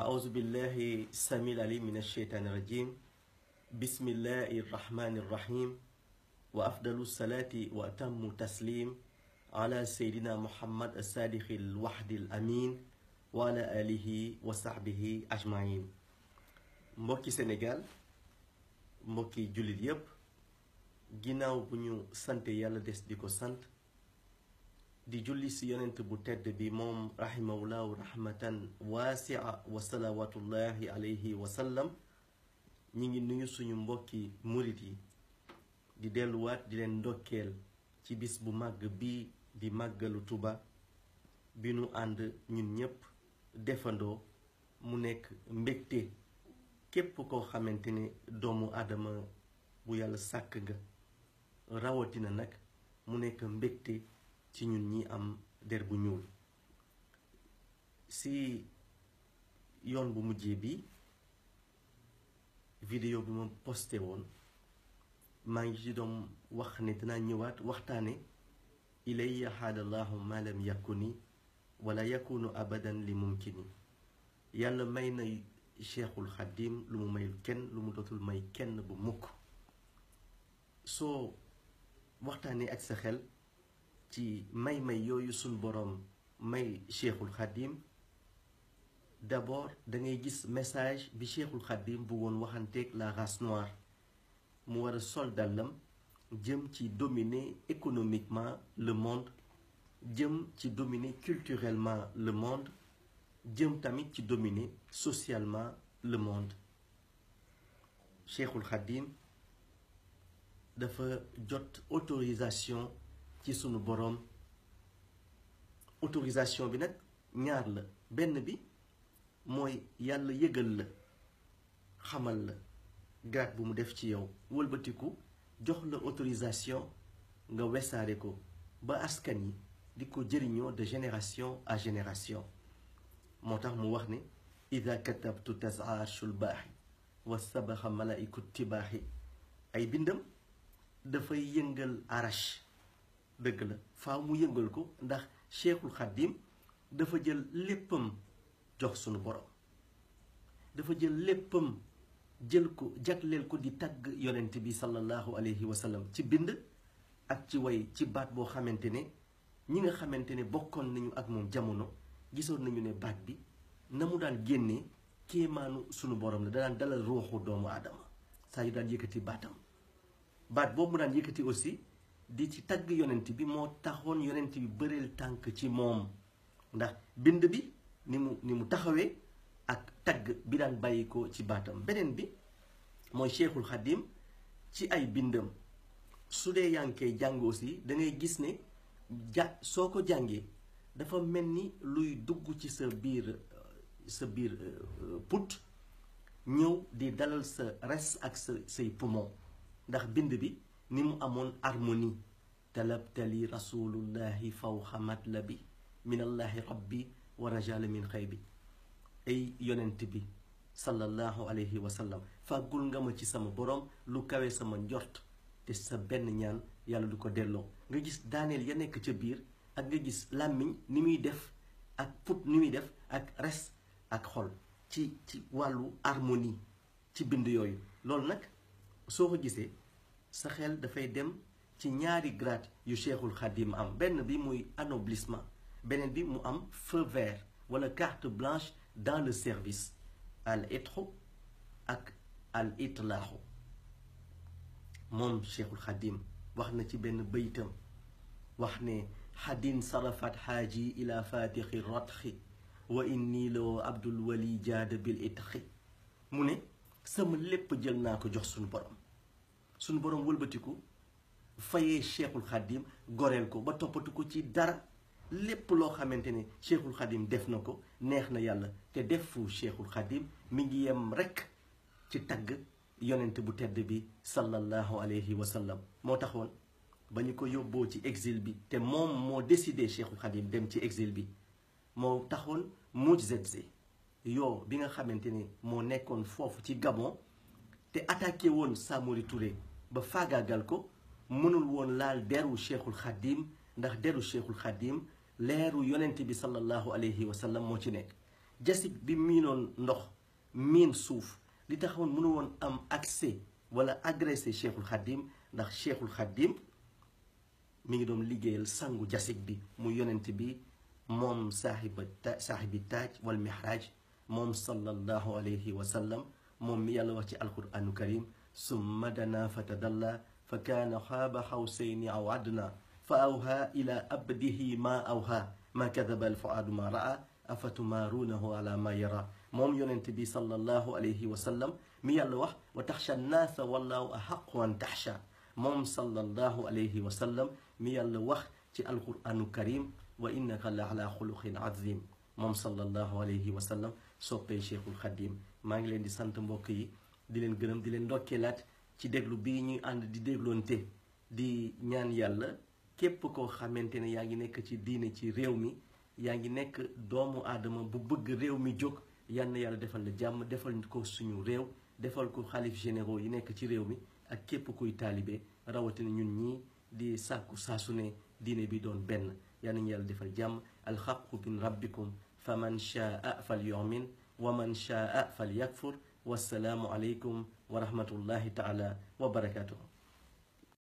أعوذ بالله السميع العليم من الشيطان الرجيم بسم الله الرحمن الرحيم وأفضل الصلاة وأتم تسليم على سيدنا محمد الصادق الوحد الأمين وعلى آله وصحبه أجمعين mbokki Sénégal mbokki jullit yépp ginnaaw bu ñu sante yàlla des di ko sant di julli si yonent bu tedd bi moom rahimahullahu rahmatan waasia wa salawatullahi alayhi wa sallam ñi ngi nuyu suñu mbokki murit yi di delluwaat di leen ndokkeel ci bis bu màgg bi di màggalu tubaa bi nu ànd ñun ñépp defandoo mu nekk mbégte képp koo xamante ne doomu aadama bu yàlla sàkk nga rawatina nag mu nekk mbégte ci ñun ñi am der bu ñuul si yoon bu mujjee bi vidéo bi ma posté woon maa ngi ci doom wax ne dinaa ñëwaat waxtaane ilayya xaadallahu ma yàkku ni wala yakunu abadan li mumkini yàlla may na cheikhul xadim lu mu mayul kenn lu mu dootul may kenn bu mukk soo waxtaanee ak sa xel ci may-may yooyu suñ boroom may cheikhul xadim d'abord da ngay gis message bi cheikhul xadim bu woon waxanteeg la race noire mu war a sol dàllam jëm ci dominer économiquement le monde jëm ci dominer culturellement le monde jëm tamit ci dominer socialement le monde cheikhul xadim dafa jot autorisation ci sunu boroom autorisation bi nag ñaar la benn bi mooy yàlla yëgal la xamal la grade bu mu def ci yow wëlbatiku jox la autorisation nga wesaare ko ba askan yi di ko jëriñoo de génération à génération moo tax mu wax ne ida katabtu tasaarshul baaxi wa sabaxa malaiku tibaaxi ay bindam dafay yëngal arash dëgg la faw mu yëngal ko ndax cheikhul xaddim dafa jël léppam jox sunu borom dafa jël léppam jël ko jagleel ko di tagg yonent bi sallallahu alayhi wa sallam ci bind ak ci way ci baat boo xamante ne ñi nga xamante ne bokkoon nañu ak moom jamono gisoon nañu ne baat bi na mu daan génnee kéemaanu sunu borom la daan dalal ruuxu doomu aadama saa yu daan yëkkati baatam baat boobu mu daan yëkkati aussi di ci tagg yonent bi moo taxoon yonent bi bëreel tànk ci moom ndax bind bi ni mu ni mu taxawee ak tagg bi daan bàyyi ko ci baatam beneen bi mooy cheikhul xadim ci ay bindam su dee yaa ngi koy jàng gis ne ja soo ko jàngee dafa mel ni luy dugg ci sa biir sa euh, put ñëw di dalal sa res ak sa say poumon ndax bind bi ni mu amoon harmonie talabtali rasulullahi fawxa matlabi minallahi rabbi wa rajala min xëy bi ay yonent bi sallallahu alayhi wa sallam fàggul nga ma ci sama borom lu kawe sama njort te sa benn ñaan yàlla du ko delloo nga gis daaneel ya nekk ca biir ak nga gis làmmiñ ni muy def ak put ni muy def ak res ak xol ci ci wàllu harmonie ci bind yooyu loolu nag soo ko gisee sa xel dafay dem ci ñaari grade yu Cheikhul Khadim am benn bi muy anoblissement beneen bi mu am feu vert wala carte blanche dans le service al itxu ak al itlaaxu moom Cheikhul Khadim wax na ci benn baytam wax ne xaddin sarafat xaaji ila fatixi ratxi wa inni loo abdul wali jaada bil itxi mu ne sama lépp jël naa ko jox sunu borom suñu borom wëlbatiku fayee cheikhul xadim goreel ko ba toppatu ko ci dara lépp loo xamante ne cheikhul xadim def na ko neex na yàlla te def fu cheikhul xadim mi ngi yem rekk ci tagg yonent bu tedd bi sallallahu alayhi wa sallam moo taxoon ba ñu ko yóbboo ci exil bi te moom moo décidé cheikhul xadim dem ci exil bi moo taxoon si yoo bi nga xamante ne moo nekkoon foofu ci Gabon te attaqué woon Samori Touré ba faagaagal ko mënul woon laal deru cheikhul xaddim ndax deru cheikhul xaddim leeru yonent bi sallallahu alayhi wa sallam moo ci nekk jasib bi miinoon ndox miin suuf li taxawoon mënul woon am accès wala agressé cheikhul xaddim ndax cheikhul xaddim mi ngi doon liggéeyal sangu jasib bi mu yonent bi moom saaxiba saaxibi taaj wal mihraj moom sallallahu alayhi wa sallam moom mi yàlla wax ci alquranu karim summa danaa fa tadalla fa kaana xaaba xawsayni aw adna fa awha ila abdihi ma awha ma kadaba alfuaadu ma raa afatumaaruunahu ala ma yara moom yonent bi sallallahu alayhi wa sallam mi yàlla wax wa taxsha nnaasa wallahu ahaqu an taxsha moom sallallahu alayhi wa sallam mi yàlla wax ci alquranu karim wa innaka la ala xuluqin azim moom sallallahu alayhi wa sallam soppee cheikhul xadim maa ngi leen di sant mbokk yi di leen gërëm di leen ndokkeelaat ci déglu bi ñuy ànd di dégloonte di ñaan yàlla képp koo xamante ne yaa ngi nekk ci diine ci réew mi yaa ngi nekk doomu aadama bu bëgg réew mi jóg yal yàlla defal la jàmm defal ko suñu réew defal ko xalif généraux yi nekk ci réew mi ak képp kuy taalibe rawatina ñun ñii di sàkku saasu ne diine bi doon benn yal yàlla defal jàmm alxaqu min rabbikum fa man shaa fal yumin wa man shaa fal yakfur wassalaamu aleykum wa rahmatullahi taala wa barakatuhu